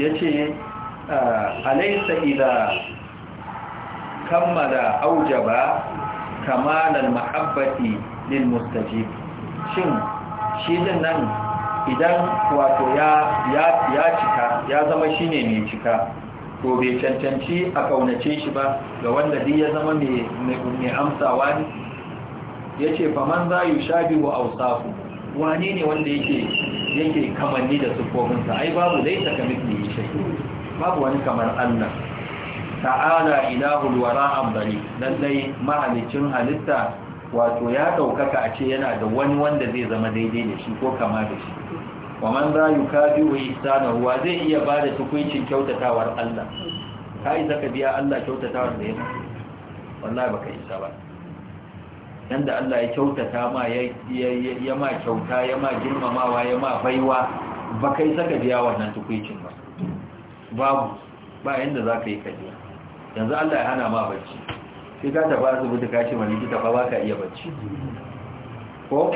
yace alaysa Ila, kammala aujaba kamalan mahabbati lil mustajib shin shi din nan idan wato ya cika ya zama shine mai cika to bai cancanci a kaunace shi ba ga wanda zai ya zama mai amsawa ne ya ce faman za yi shabi wa ausafu wane ne wanda yake yake kamanni da sufofinsa ai babu zai saka ya shi babu wani kamar allah ta'ala ilahu wara abdali lallai mahalicin halitta wato ya ɗaukaka a ce yana da wani wanda zai zama daidai da shi ko kama da shi wa man za yi kafi wa isanahu wa zai iya ba da tukuncin kyautatawar Allah ka yi zaka biya Allah kyautatawar da yana wallah ba baka isa ba yanda Allah ya kyautata ma ya ma kyauta ya ma girmamawa ya ma baiwa baka yi zaka biya wannan tukuncin ba babu ba yanda za ka yi ka yanzu Allah ya hana ma bacci sai ka tafi asibiti kashi ce ma likita ba ba ka iya bacci ko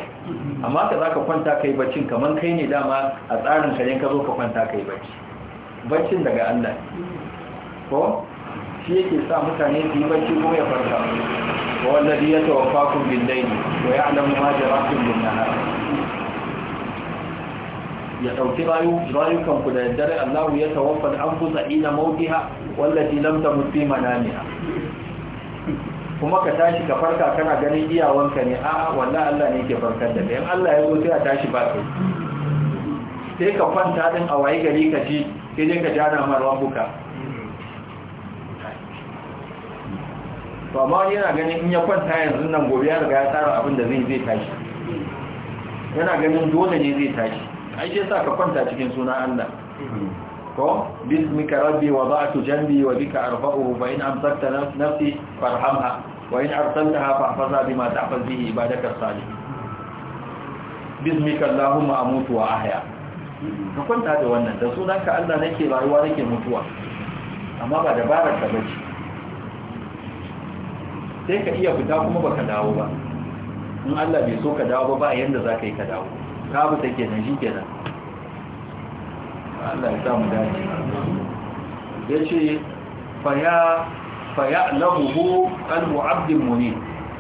amma ka zaka kwanta kai baccin kaman kai ne dama a tsarin ka ka zo ka kwanta kai bacci baccin daga Allah ko shi yake sa mutane su yi bacci ko ya farka wa wallazi yatawaffakum bil layli wa ya'lamu ma jarahtum bin nahar ya dauki rayukanku ku da dare Allah ya tawaffa an Ina, ila mautiha wallati lam tamut fi manamiha kuma ka tashi ka farka kana ganin iyawanka ne a wallahi Allah ne ke farkar da kai in Allah ya zo sai a tashi ba kai sai ka kwanta din a waye gari ka ji sai dai ka jana ma buka. to amma yana ganin in ya kwanta yanzu nan gobe ya riga ya tsara abin da zai zai tashi yana ganin dole ne zai tashi ai sai sa ka kwanta cikin sunan Allah باسمك ربي وضعت جنبي وبك أرفعه فإن أمسكت نفسي فارحمها وإن أرسلتها فاحفظها بما تحفظ به عبادك الصالحين باسمك اللهم أموت وأحيا فكنت هذا وانا رسولك ألا نكي رأيوا نكي متوى أما بعد بارك بجي sai ka iya fita kuma baka dawo ba in Allah bai so ka dawo ba ba yanda za ka yi ka dawo ka bu take nan shi kenan Allah ya dace yace fa ya fa ya'lamuhu qalbu 'abdin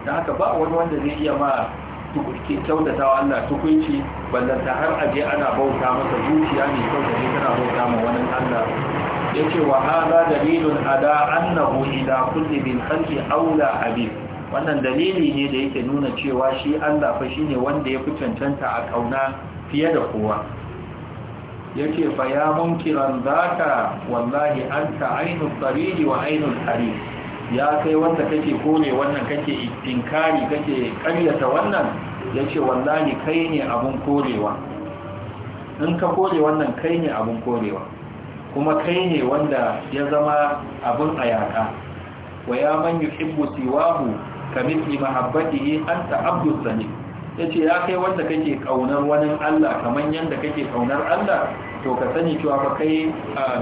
haka ba wani wanda zai iya ma ke kyautatawa Allah tukunci ballanta har aje ana bauta masa zuciya ne kyautace tana bauta ma wani Allah yace wa hadha dalilun ada annahu ila kulli bil khalqi aula habib wannan dalili ne da yake nuna cewa shi Allah fa shine wanda ya fi cancanta a kauna fiye da kowa yake fa ya munkiran zaka wallahi anta ainul sariri wa ainul harir ya kai wanda kake kore wannan kake inkari kake karyata wannan yace wallahi kai ne abun korewa in ka kore wannan kai ne abun korewa kuma kai ne wanda ya zama abun ayaka wa ya man yuhibbu siwahu kamithli mahabbatihi anta abdus sanin ya ce ya kai wanda kake kaunar wani Allah kamar yadda kake kaunar Allah to ka sani cewa fa kai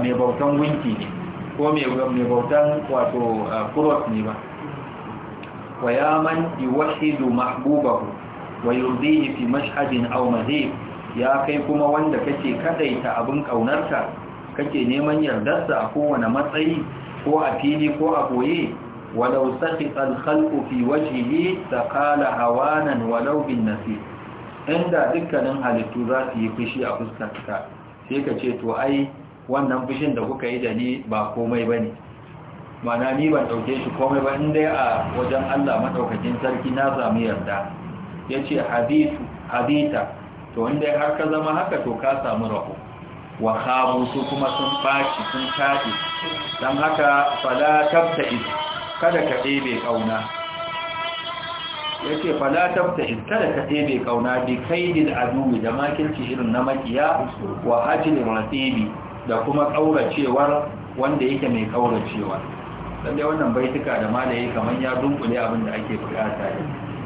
mai bautan winki ne ko mai bautan wato kuros ne ba wa ya man yuwahidu mahbubahu wa yurdihi fi mashhadin aw ya kai kuma wanda kake kadaita abin kaunarka kake neman yardarsa a kowane matsayi ko a fili ko a boye ولو سخط الخلق في وجهه تقال هوانا ولو بالنسيب inda dukkanin halittu za su yi fushi a fuskarka sai ka ce to ai wannan fushin da kuka yi da ni ba komai ba ne mana ni ban ɗauke shi komai ba inda a wajen allah maɗaukakin sarki na samu yarda ya ce habita to inda har ka zama haka to ka samu raho wa hamu su kuma sun ɓaci sun kaɗe don haka fala tabta isu kada ka ɗebe ƙauna ya ce fita taftahin kada ka ɗebe ƙauna bi kaidin aduwi da makirci irin na makiya wa hajjin rasibi da kuma ƙauracewar wanda yake mai ƙauracewa sannan wannan baituka da ma da ya kamar ya dunkule abin da ake bukata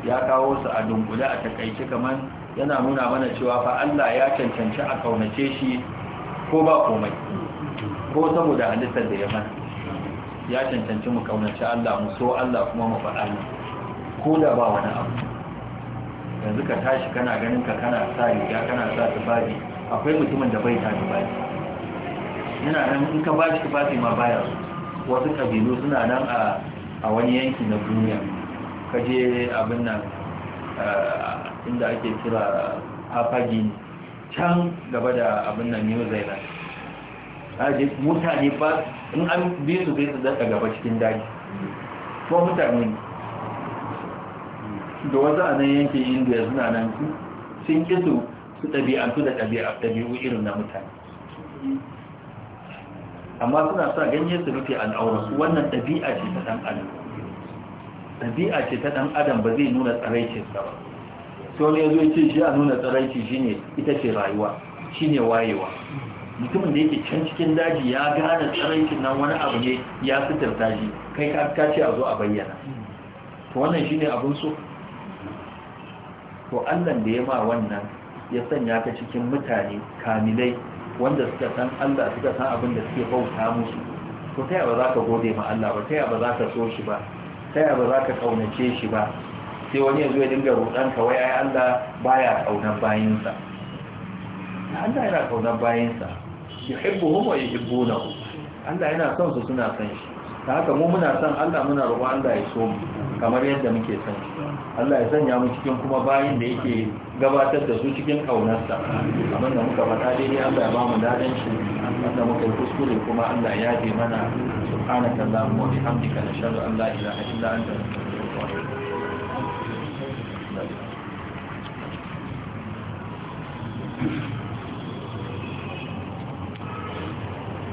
ya kawo su a dunkule a takaice kamar yana nuna mana cewa fa Allah ya cancanci a ƙaunace shi ko ba komai ko saboda halittar da ya mana ya cancanci mu kaunaci Allah mu so Allah kuma mu faɗa ne ko da ba wani abu yanzu ka tashi kana ganin ka kana sa riga kana sa tufafi akwai mutumin da bai ta tufafi yana nan in ka ba shi tufafi ma baya wasu kabilu suna nan a a wani yanki na duniya ka je abin nan eh, inda ake kira hafagi can gaba da abin nan new zealand aje mutane ba in an bi su sai su daga gaba cikin daji ko mutane da wasu a nan yankin indiya suna nan su sun ki su su ɗabi'antu da ɗabi'u irin na mutane amma suna sa ganye su rufe al'aurarsu wannan ɗabi'a ce ta ɗan adam ɗabi'a ce ta ɗan adam ba zai nuna tsaraicinsa ba sau ne ya zo ce shi a nuna tsaraici shine ita ce rayuwa shine wayewa mutumin da yake can cikin daji ya gane tsaraikin nan wani abu ne ya fitar shi kai ka ce a zo a bayyana to wannan shine abin so to Allah da ya ma wannan ya sanya ka cikin mutane kamilai wanda suka san Allah suka san abin da suke bauta musu to ta ba za ka gode ma Allah ba ta ba za ka so shi ba ta ba za ka kaunace shi ba sai wani ya ya dinga roƙon ka wai ai Allah baya kaunar bayinsa Allah yana kaunar bayinsa yuhibbuhum wa yuhibbunahu Allah yana son su suna son shi ta haka mu muna son Allah muna roƙon Allah ya so mu kamar yadda muke son shi Allah ya sanya mu cikin kuma bayin da yake gabatar da su cikin kaunarsa amma muka fata dai ne Allah ya ba mu daɗin shi Allah muka yi kuskure kuma Allah ya je mana subhanaka allahumma wa bihamdika nashhadu an la ilaha illa anta wa Thank you.